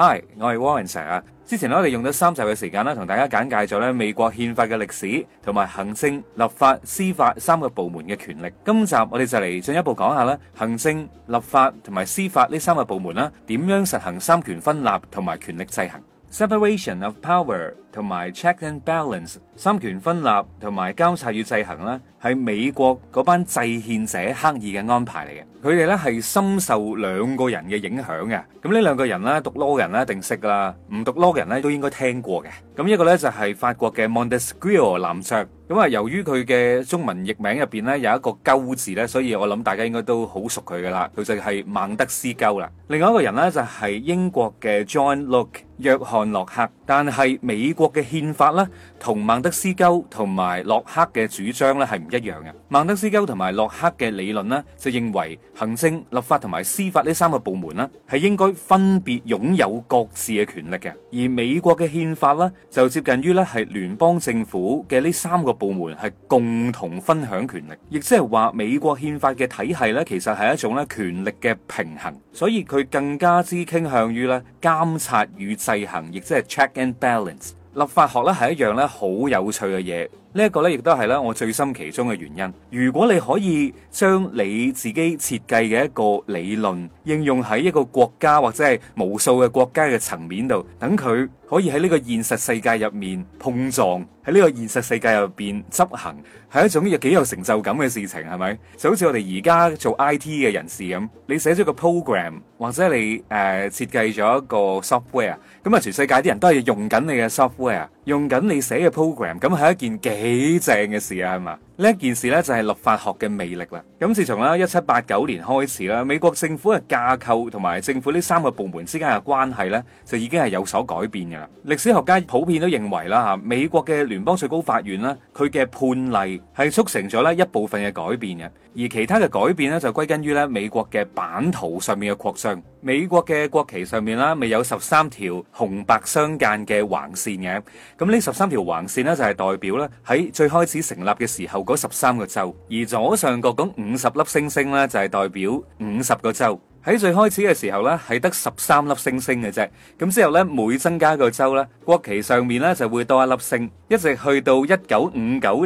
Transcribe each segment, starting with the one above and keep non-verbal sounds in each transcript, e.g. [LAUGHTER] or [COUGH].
Hi，我係 Warren Sir 啊！之前咧我哋用咗三集嘅時間咧，同大家簡介咗咧美國憲法嘅歷史同埋行政、立法、司法三個部門嘅權力。今集我哋就嚟進一步講下啦，行政、立法同埋司法呢三個部門啦，點樣實行三權分立同埋權力制衡？Separation of power。同埋 check and balance、三權分立同埋交叉與制衡啦，係美國嗰班制憲者刻意嘅安排嚟嘅。佢哋咧係深受兩個人嘅影響嘅。咁呢兩個人咧，讀 law 人咧一定識啦，唔讀 law 人咧都應該聽過嘅。咁一個咧就係法國嘅 Montesquieu，男爵，咁啊，由於佢嘅中文譯名入邊咧有一個鳩字咧，所以我諗大家應該都好熟佢噶啦。佢就係、是、孟德斯鳩啦。另外一個人咧就係英國嘅 John Locke，約翰洛克。但係美國。嘅憲法咧，同孟德斯鳩同埋洛克嘅主張咧係唔一樣嘅。孟德斯鳩同埋洛克嘅理論呢，就認為行政、立法同埋司法呢三個部門呢，係應該分別擁有各自嘅權力嘅。而美國嘅憲法呢，就接近於咧係聯邦政府嘅呢三個部門係共同分享權力，亦即係話美國憲法嘅體系咧，其實係一種咧權力嘅平衡，所以佢更加之傾向於咧監察與制衡，亦即係 check and balance。立法學咧係一樣咧好有趣嘅嘢。呢個呢，亦都係咧我最深其中嘅原因。如果你可以將你自己設計嘅一個理論應用喺一個國家或者係無數嘅國家嘅層面度，等佢可以喺呢個現實世界入面碰撞，喺呢個現實世界入邊執行，係一種又幾有成就感嘅事情，係咪？就好似我哋而家做 I T 嘅人士咁，你寫咗個 program 或者你誒、呃、設計咗一個 software，咁啊全世界啲人都係用緊你嘅 software。用緊你寫嘅 program，咁係一件幾正嘅事啊，係嘛？呢件事呢，就係立法學嘅魅力啦。咁自從啦一七八九年開始啦，美國政府嘅架構同埋政府呢三個部門之間嘅關係呢，就已經係有所改變㗎啦。歷史學家普遍都認為啦嚇，美國嘅聯邦最高法院呢，佢嘅判例係促成咗呢一部分嘅改變嘅，而其他嘅改變呢，就歸根於呢美國嘅版圖上面嘅擴張。美國嘅國旗上面啦，咪有十三條紅白相間嘅橫線嘅，咁呢十三條橫線咧，就係代表咧喺最開始成立嘅時候嗰十三個州，而左上角嗰五十粒星星咧，就係代表五十個州。喺最開始嘅時候呢，係得十三粒星星嘅啫。咁之後呢，每增加一個州呢，國旗上面呢就會多一粒星，一直去到一九五九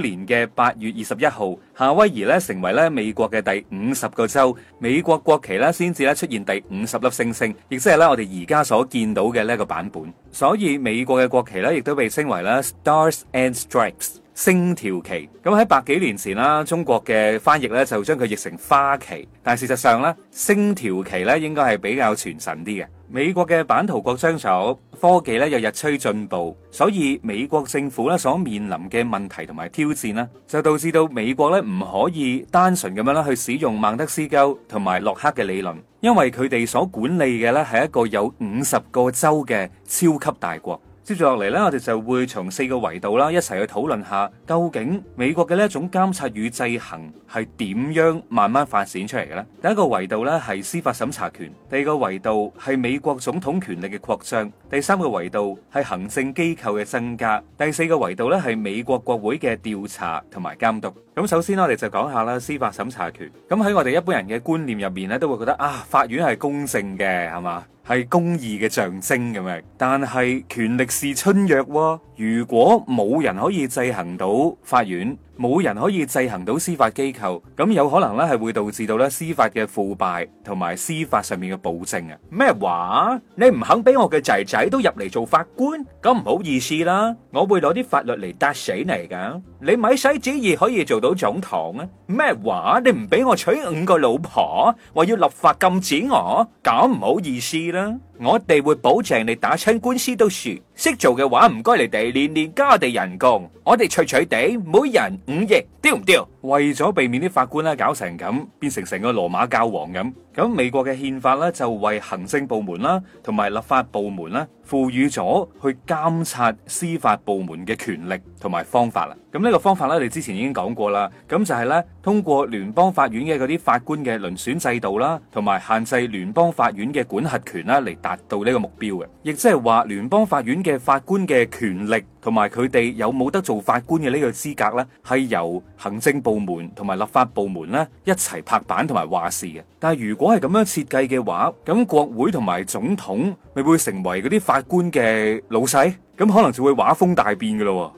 年嘅八月二十一號，夏威夷呢成為咧美國嘅第五十個州，美國國旗呢先至咧出現第五十粒星星，亦即係咧我哋而家所見到嘅呢一個版本。所以美國嘅國旗呢，亦都被稱為啦 Stars and Stripes 星條旗咁喺百幾年前啦，中國嘅翻譯咧就將佢譯成花旗，但事實上咧，星條旗咧應該係比較傳神啲嘅。美國嘅版圖擴張咗，科技咧又日趨進步，所以美國政府咧所面臨嘅問題同埋挑戰呢，就導致到美國咧唔可以單純咁樣咧去使用孟德斯鳩同埋洛克嘅理論，因為佢哋所管理嘅咧係一個有五十個州嘅超級大國。接住落嚟咧，我哋就會從四個維度啦，一齊去討論下究竟美國嘅呢一種監察與制衡係點樣慢慢發展出嚟嘅咧。第一個維度咧係司法審查權，第二個維度係美國總統權力嘅擴張，第三個維度係行政機構嘅增加，第四個維度咧係美國國會嘅調查同埋監督。咁首先我哋就講下啦，司法審查權。咁喺我哋一般人嘅觀念入面咧，都會覺得啊，法院係公正嘅，係嘛，係公義嘅象徵咁樣。但係權力是春藥喎，如果冇人可以制衡到法院。冇人可以制衡到司法機構，咁有可能咧，係會導致到咧司法嘅腐敗同埋司法上面嘅暴政啊！咩話？你唔肯俾我嘅仔仔都入嚟做法官，咁唔好意思啦！我會攞啲法律嚟打死你噶！你咪使旨意可以做到總統啊！咩話？你唔俾我娶五個老婆，話要立法禁止我，咁唔好意思啦！我哋會保證你打親官司都輸，識做嘅話唔該你哋年年加我哋人工，我哋脆脆地每人五億，屌唔屌？為咗避免啲法官咧搞成咁，變成成個羅馬教皇咁，咁美國嘅憲法咧就為行政部門啦同埋立法部門啦賦予咗去監察司法部門嘅權力同埋方法啦。咁、這、呢個方法咧，我哋之前已經講過啦。咁就係、是、咧通過聯邦法院嘅嗰啲法官嘅遴選制度啦，同埋限制聯邦法院嘅管轄權啦，嚟達到呢個目標嘅。亦即係話聯邦法院嘅法官嘅權力。同埋佢哋有冇得做法官嘅呢個資格呢？係由行政部門同埋立法部門咧一齊拍板同埋話事嘅。但係如果係咁樣設計嘅話，咁國會同埋總統咪會成為嗰啲法官嘅老細？咁可能就會畫風大變噶咯。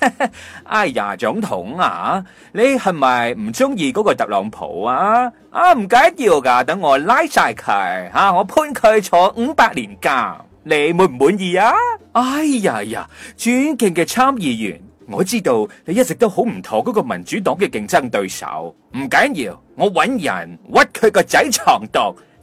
[LAUGHS] 哎呀，總統啊，你係咪唔中意嗰個特朗普啊？啊，唔緊要噶，等我拉晒佢，吓、啊、我判佢坐五百年監。你滿唔滿意啊？哎呀呀！尊敬嘅參議員，我知道你一直都好唔妥嗰個民主黨嘅競爭對手。唔緊要，我揾人屈佢個仔藏毒。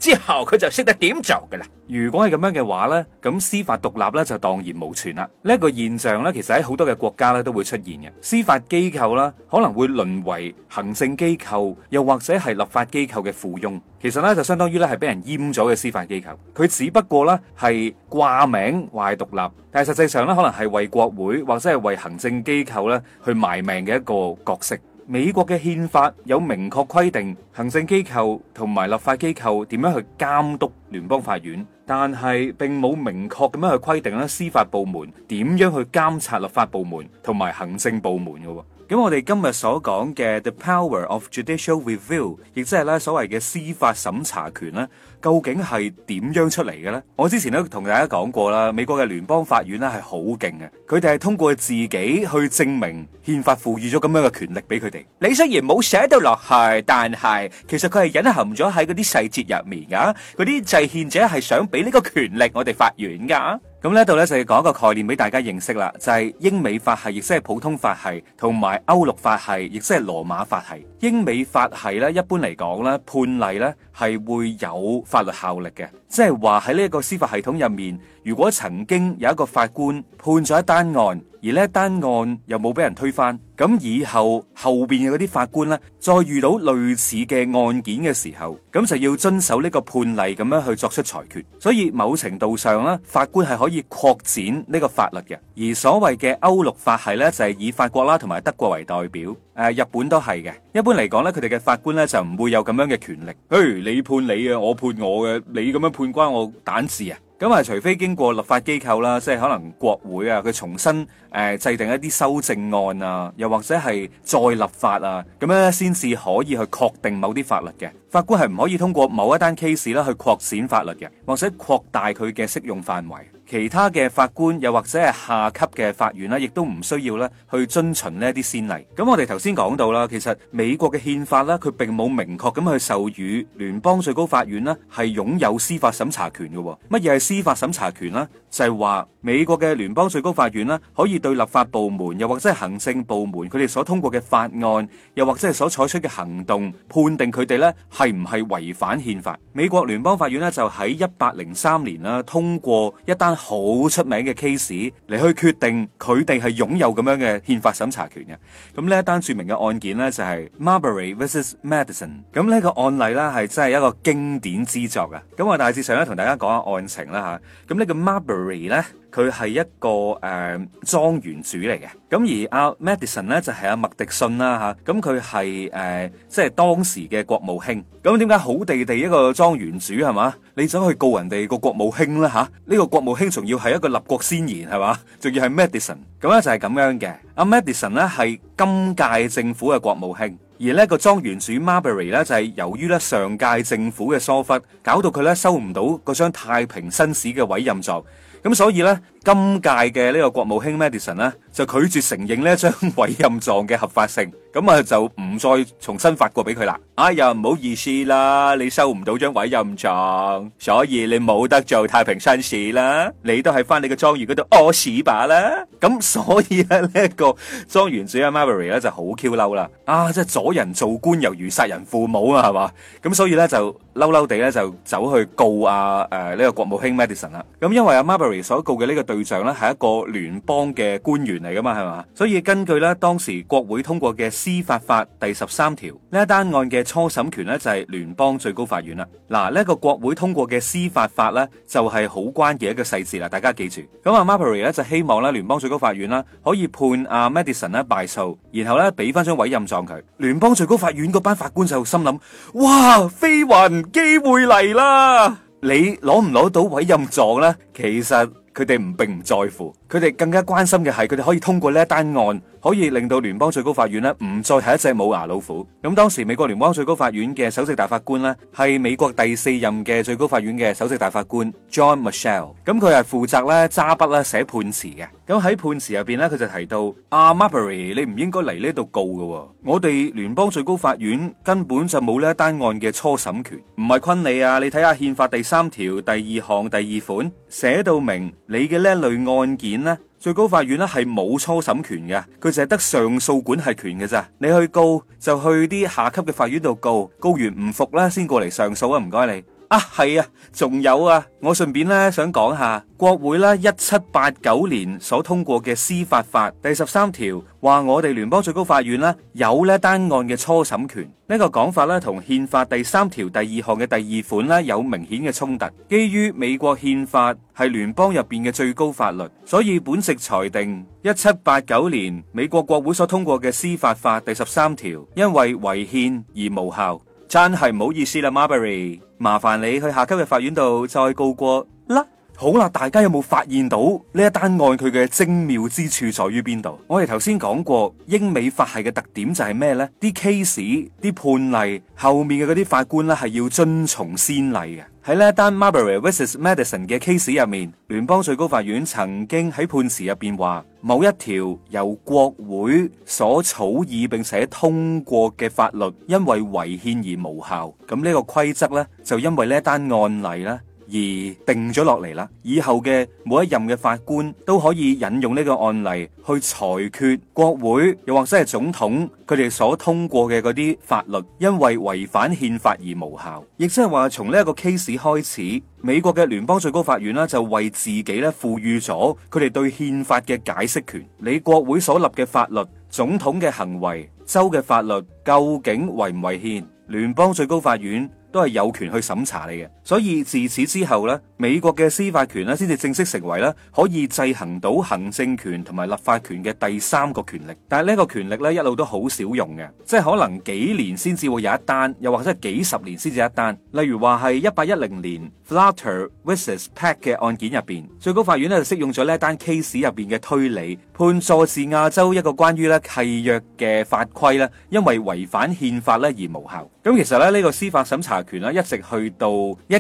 之後佢就識得點做噶啦。如果係咁樣嘅話呢，咁司法獨立呢就蕩然無存啦。呢一個現象呢，其實喺好多嘅國家呢都會出現嘅。司法機構啦，可能會淪為行政機構，又或者係立法機構嘅附庸。其實呢，就相當於呢係俾人閹咗嘅司法機構。佢只不過呢係掛名話獨立，但係實際上呢，可能係為國會或者係為行政機構呢去賣命嘅一個角色。美國嘅憲法有明確規定行政機構同埋立法機構點樣去監督聯邦法院，但係並冇明確咁樣去規定咧司法部門點樣去監察立法部門同埋行政部門嘅。咁我哋今日所講嘅 The Power of Judicial Review，亦即係咧所謂嘅司法審查權咧，究竟係點樣出嚟嘅咧？我之前都同大家講過啦，美國嘅聯邦法院咧係好勁嘅，佢哋係通過自己去證明憲法賦予咗咁樣嘅權力俾佢哋。你雖然冇寫到落去，但係其實佢係隱含咗喺嗰啲細節入面噶，嗰啲制憲者係想俾呢個權力我哋法院噶。咁呢度咧就要講一個概念俾大家認識啦，就係英美法系，亦即係普通法系，同埋歐陸法系，亦即係羅馬法系。英美法系咧，一般嚟講咧判例，咧係會有法律效力嘅。即係話喺呢個司法系統入面，如果曾經有一個法官判咗一單案，而呢單案又冇俾人推翻，咁以後後邊嘅嗰啲法官咧，再遇到類似嘅案件嘅時候，咁就要遵守呢個判例咁樣去作出裁決。所以某程度上咧，法官係可以擴展呢個法律嘅。而所謂嘅歐陸法系咧，就係以法國啦同埋德國為代表。誒日本都係嘅，一般嚟講咧，佢哋嘅法官咧就唔會有咁樣嘅權力，譬如你判你嘅，我判我嘅，你咁樣判關我膽事啊！咁啊，除非經過立法機構啦，即係可能國會啊，佢重新誒、呃、制定一啲修正案啊，又或者係再立法啊，咁樣咧先至可以去確定某啲法律嘅法官係唔可以通過某一單 case 啦去擴展法律嘅，或者擴大佢嘅適用範圍。其他嘅法官又或者係下級嘅法院啦，亦都唔需要咧去遵循呢一啲先例。咁我哋頭先講到啦，其實美國嘅憲法咧，佢並冇明確咁去授予聯邦最高法院啦係擁有司法審查權嘅。乜嘢係司法審查權咧？就係話美國嘅聯邦最高法院啦，可以對立法部門又或者係行政部門佢哋所通過嘅法案，又或者係所採取嘅行動，判定佢哋咧係唔係違反憲法。美國聯邦法院咧就喺一八零三年啦通過一單。好出名嘅 case 嚟去決定佢哋係擁有咁樣嘅憲法審查權嘅。咁呢一單著名嘅案件咧就係、是、Marbury vs Madison。咁呢個案例咧係真係一個經典之作啊！咁我大致上咧同大家講下案情啦吓。咁呢個 Marbury 咧，佢係一個誒莊園主嚟嘅。咁而阿 Madison 咧就係、是、阿、啊、麥迪遜啦吓。咁佢係誒即係當時嘅國務卿。咁點解好地地一個莊園主係嘛？你想去告人哋、啊這個國務卿啦吓？呢個國務卿。仲要係一個立國先賢，係嘛，仲要係 Madison 咁咧就係咁樣嘅。阿 Madison 咧係今屆政府嘅國務卿，而呢個莊園主 Marbury 咧就係由於咧上屆政府嘅疏忽，搞到佢咧收唔到嗰張太平紳士嘅委任狀，咁所以咧。今屆嘅呢個國務卿 Madison 咧就拒絕承認呢張委任狀嘅合法性，咁啊就唔再重新發過俾佢啦。哎呀唔好意思啦，你收唔到張委任狀，所以你冇得做太平紳士啦，你都喺翻你嘅莊園嗰度屙屎吧啦。咁所以啊呢一個莊園主阿 Marbury 咧就好 Q 嬲啦。啊即係阻人做官，猶如殺人父母啊，係嘛？咁所以咧就嬲嬲地咧就走去告阿誒呢個國務卿 Madison 啦。咁因為阿 Marbury 所告嘅呢個對對象咧係一個聯邦嘅官員嚟噶嘛，係嘛？所以根據咧當時國會通過嘅司法法第十三條，呢一單案嘅初審權咧就係、是、聯邦最高法院啦。嗱，呢、這、一個國會通過嘅司法法咧就是、係好關鍵一個細節啦。大家記住咁啊、嗯、Marbury 咧就希望咧聯邦最高法院啦可以判阿、啊、Madison 咧敗訴，然後咧俾翻張委任狀佢。聯邦最高法院嗰班法官就心諗：，哇，飛雲機會嚟啦，你攞唔攞到委任狀咧？其實。佢哋唔並唔在乎，佢哋更加關心嘅係，佢哋可以通過呢一單案。可以令到聯邦最高法院呢，唔再係一隻冇牙老虎。咁當時美國聯邦最高法院嘅首席大法官呢，係美國第四任嘅最高法院嘅首席大法官 John Marshall。咁佢係負責咧，揸筆啦，寫判詞嘅。咁喺判詞入邊咧，佢就提到阿、ah, Marbury 你唔應該嚟呢度告嘅。我哋聯邦最高法院根本就冇呢一單案嘅初審權，唔係昆你啊！你睇下憲法第三條第二項第二款寫到明你嘅呢一類案件呢。最高法院咧係冇初審權嘅，佢淨係得上訴管轄權嘅咋。你去告就去啲下級嘅法院度告，告完唔服咧先過嚟上訴啊！唔該你。啊，係啊，仲有啊，我順便咧想講下國會啦，一七八九年所通過嘅司法法第十三條話，我哋聯邦最高法院呢，有呢單案嘅初審權，這個，講呢個講法咧，同憲法第三條第二項嘅第二款呢，有明顯嘅衝突。基於美國憲法係聯邦入邊嘅最高法律，所以本席裁定一七八九年美國國會所通過嘅司法法第十三條因為違憲而無效。真係唔好意思啦，Marbury。Mar 麻煩你去下級嘅法院度再告過啦。好啦，大家有冇發現到呢一單案佢嘅精妙之處在於邊度？我哋頭先講過英美法系嘅特點就係咩呢？啲 case 啲判例後面嘅嗰啲法官咧係要遵從先例嘅。喺呢一單 Marbury vs Madison 嘅 case 入面，聯邦最高法院曾經喺判詞入邊話，某一條由國會所草擬並且通過嘅法律，因為違憲而無效。咁呢個規則呢，就因為呢一單案例呢，而定咗落嚟啦，以後嘅每一任嘅法官都可以引用呢個案例去裁決國會，又或者係總統佢哋所通過嘅嗰啲法律，因為違反憲法而無效。亦即係話，從呢一個 case 開始，美國嘅聯邦最高法院啦，就為自己咧賦予咗佢哋對憲法嘅解釋權。你國會所立嘅法律、總統嘅行為、州嘅法律，究竟違唔違憲？聯邦最高法院都係有權去審查你嘅。所以自此之後咧，美國嘅司法權咧，先至正式成為咧可以制衡到行政權同埋立法權嘅第三個權力。但係呢一個權力咧，一路都好少用嘅，即係可能幾年先至會有一單，又或者係幾十年先至一單。例如話係一八一零年 Fletcher v. Peck 嘅案件入邊，最高法院咧就適用咗呢一單 case 入邊嘅推理，判佐治亞州一個關於咧契約嘅法規咧，因為違反憲法咧而無效。咁其實咧呢個司法審查權咧，一直去到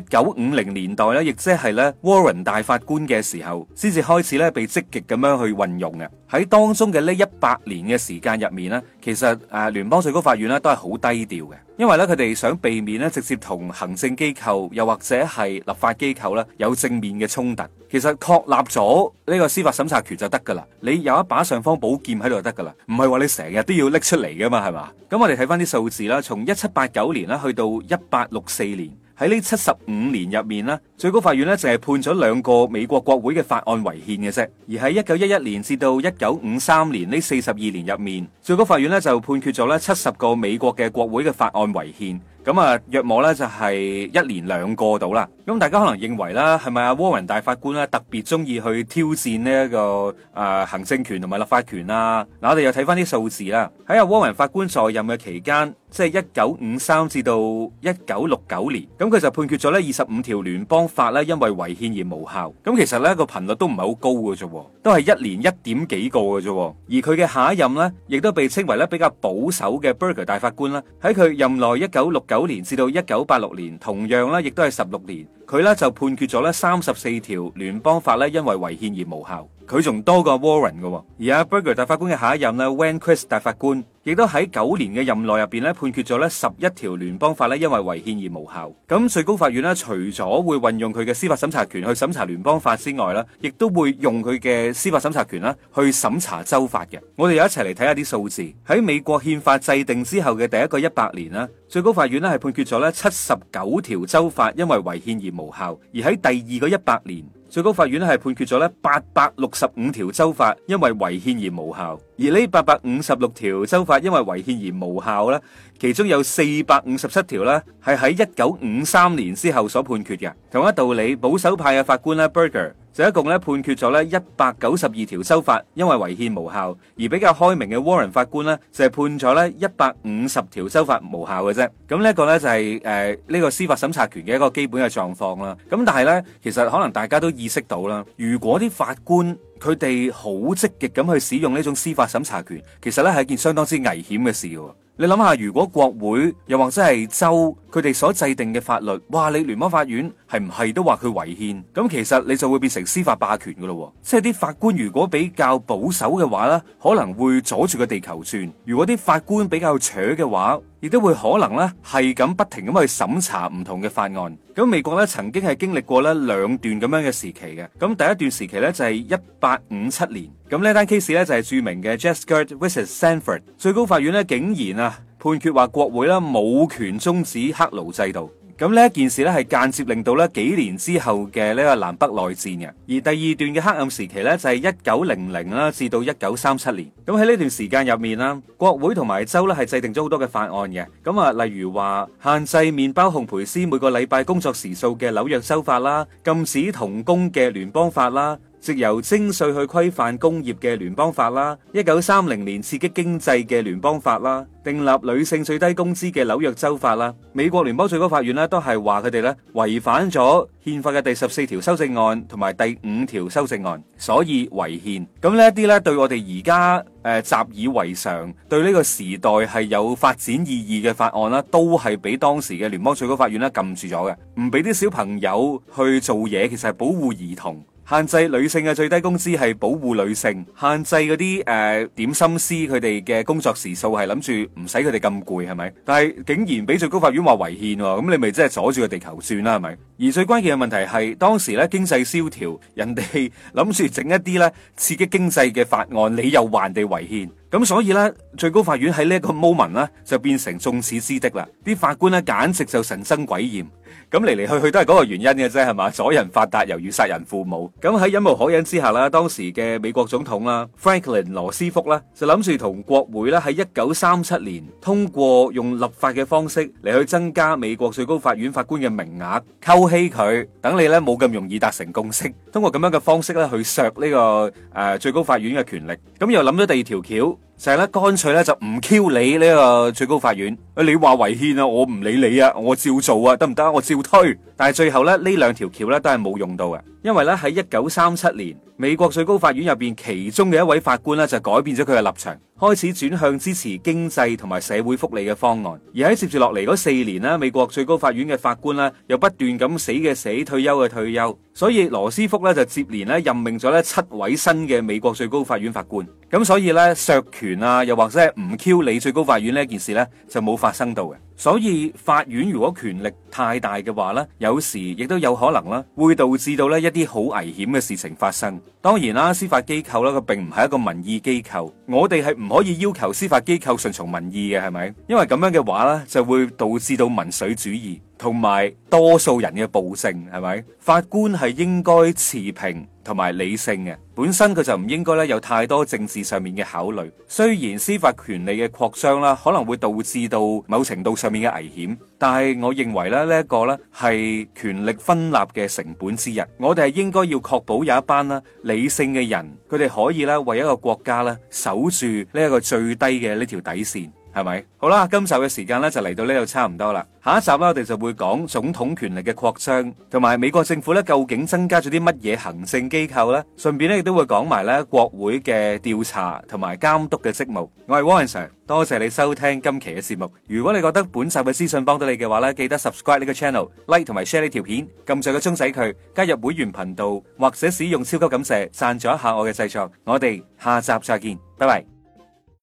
1950年代，亦只係 Warren 大法官嘅時候，先至開始呢，被積極咁樣去運用嘅。喺當中嘅呢18年嘅時間入面呢，其實，聯邦稅國法院呢，都係好低調嘅。因為呢，佢哋想避免呢，直接同行政機構又或者係立法機構呢，有正面嘅衝突。其實，確立咗呢個司法審查權就得㗎啦。你有一把上方保建喺度就得㗎啦。唔係話你成日都要拎出嚟㗎嘛，係咪？咁我哋睇返啲數字呢，從1789年呢，去到1864年。喺呢七十五年入面咧，最高法院咧淨係判咗兩個美國國會嘅法案違憲嘅啫。而喺一九一一年至到一九五三年呢四十二年入面，最高法院咧就判決咗咧七十個美國嘅國會嘅法案違憲。咁啊，約莫呢就係一年兩個度啦。咁大家可能認為啦，係咪阿 Warren 大法官咧特別中意去挑戰呢、這、一個誒、呃、行政權同埋立法權啊？嗱，我哋又睇翻啲數字啦。喺阿 Warren 法官在任嘅期間，即係一九五三至到一九六九年，咁佢就判決咗呢二十五條聯邦法咧，因為違憲而無效。咁其實呢個頻率都唔係好高嘅啫，都係一年一點幾個嘅啫。而佢嘅下一任呢，亦都被稱為咧比較保守嘅 Burger 大法官啦。喺佢任內一九六九年至到一九八六年，同樣咧亦都係十六年，佢咧就判決咗咧三十四條聯邦法咧，因為違憲而無效，佢仲多過 Warren 嘅。而阿 Burger 大法官嘅下一任咧 Rehnquist 大法官。亦都喺九年嘅任內入邊咧，判決咗咧十一條聯邦法咧，因為違憲而無效。咁最高法院呢，除咗會運用佢嘅司法審查權去審查聯邦法之外啦，亦都會用佢嘅司法審查權啦去審查州法嘅。我哋又一齊嚟睇下啲數字，喺美國憲法制定之後嘅第一個一百年啦，最高法院呢係判決咗咧七十九條州法因為違憲而無效，而喺第二個一百年。最高法院咧係判決咗咧八百六十五條州法因為違憲而無效，而呢八百五十六條州法因為違憲而無效咧，其中有四百五十七條咧係喺一九五三年之後所判決嘅。同一道理，保守派嘅法官咧，Burger，就一共咧判決咗咧一百九十二條州法，因為違憲無效，而比較開明嘅 Warren 法官咧就係、是、判咗咧一百五十條州法無效嘅啫。咁呢一個咧就係誒呢個司法審查權嘅一個基本嘅狀況啦。咁但係咧，其實可能大家都意識到啦，如果啲法官佢哋好積極咁去使用呢種司法審查權，其實咧係一件相當之危險嘅事嘅。你諗下，如果國會又或者係州，佢哋所制定嘅法律，哇！你聯邦法院係唔係都話佢違憲？咁其實你就會變成司法霸權㗎咯。即係啲法官如果比較保守嘅話呢，可能會阻住個地球轉；如果啲法官比較扯嘅話，亦都會可能咧，係咁不停咁去審查唔同嘅法案。咁美國咧曾經係經歷過咧兩段咁樣嘅時期嘅。咁第一段時期咧就係一八五七年。咁呢一單 case 咧就係著名嘅 Dred Scott vs Sandford。最高法院咧竟然啊判決話國會咧冇權終止黑奴制度。咁呢一件事咧，係間接令到咧幾年之後嘅呢個南北內戰嘅。而第二段嘅黑暗時期咧，就係一九零零啦至到一九三七年。咁喺呢段時間入面啦，國會同埋州咧係制定咗好多嘅法案嘅。咁啊，例如話限制麵包烘焙師每個禮拜工作時數嘅紐約州法啦，禁止童工嘅聯邦法啦。藉由徵稅去規範工業嘅聯邦法啦，一九三零年刺激經濟嘅聯邦法啦，訂立女性最低工資嘅紐約州法啦，美國聯邦最高法院咧都係話佢哋咧違反咗憲法嘅第十四條修正案同埋第五條修正案，所以違憲。咁呢一啲咧對我哋而家誒習以為常，對呢個時代係有發展意義嘅法案啦，都係俾當時嘅聯邦最高法院咧撳住咗嘅，唔俾啲小朋友去做嘢，其實係保護兒童。限制女性嘅最低工資係保護女性，限制嗰啲誒點心思佢哋嘅工作時數係諗住唔使佢哋咁攰，係咪？但係竟然俾最高法院話違憲，咁你咪真係阻住個地球轉啦，係咪？而最關鍵嘅問題係當時咧經濟蕭條，人哋諗住整一啲咧刺激經濟嘅法案，你又還地違憲，咁所以咧最高法院喺呢一個 moment 咧就變成眾矢之的啦，啲法官咧簡直就神憎鬼厭。咁嚟嚟去去都係嗰個原因嘅啫，係嘛，阻人發達猶如殺人父母。咁喺忍無可忍之下啦，當時嘅美國總統啦，Franklin 羅斯福啦，就諗住同國會啦喺一九三七年通過用立法嘅方式嚟,去增加美國最高法院法官嘅名額，溝稀佢等你咧冇咁容易達成共識。通過咁樣嘅方式咧去削呢個誒最高法院嘅權力。咁又諗咗第二條橋。成日咧，乾脆咧就唔 Q 你呢個最高法院，你話違憲啊，我唔理你啊，我照做啊，得唔得？我照推，但係最後咧呢兩條橋咧都係冇用到嘅。因為咧喺一九三七年，美國最高法院入邊其中嘅一位法官咧就改變咗佢嘅立場，開始轉向支持經濟同埋社會福利嘅方案。而喺接住落嚟嗰四年咧，美國最高法院嘅法官咧又不斷咁死嘅死退休嘅退休，所以羅斯福咧就接連咧任命咗咧七位新嘅美國最高法院法官。咁所以咧削權啊，又或者係唔 Q 理你最高法院呢件事咧就冇發生到嘅。所以法院如果權力太大嘅話咧，有時亦都有可能啦，會導致到咧一啲好危險嘅事情發生。當然啦，司法機構啦，佢並唔係一個民意機構，我哋係唔可以要求司法機構順從民意嘅，係咪？因為咁樣嘅話咧，就會導致到民粹主義同埋多數人嘅暴政，係咪？法官係應該持平同埋理性嘅，本身佢就唔應該咧有太多政治上面嘅考慮。雖然司法權利嘅擴張啦，可能會導致到某程度上面嘅危險。但係，我認為咧，呢一個咧係權力分立嘅成本之一。我哋係應該要確保有一班啦理性嘅人，佢哋可以咧為一個國家咧守住呢一個最低嘅呢條底線。係咪？好啦，今集嘅時間咧就嚟到呢度差唔多啦。下一集咧我哋就會講總統權力嘅擴張，同埋美國政府咧究竟增加咗啲乜嘢行政機構咧？順便咧亦都會講埋咧國會嘅調查同埋監督嘅職務。我係 Warren Sir，多謝你收聽今期嘅節目。如果你覺得本集嘅資訊幫到你嘅話咧，記得 subscribe 呢個 channel，like 同埋 share 呢條片，撳住個鐘仔佢，加入會員頻道或者使用超級感謝讚咗一下我嘅製作。我哋下集再見，拜拜。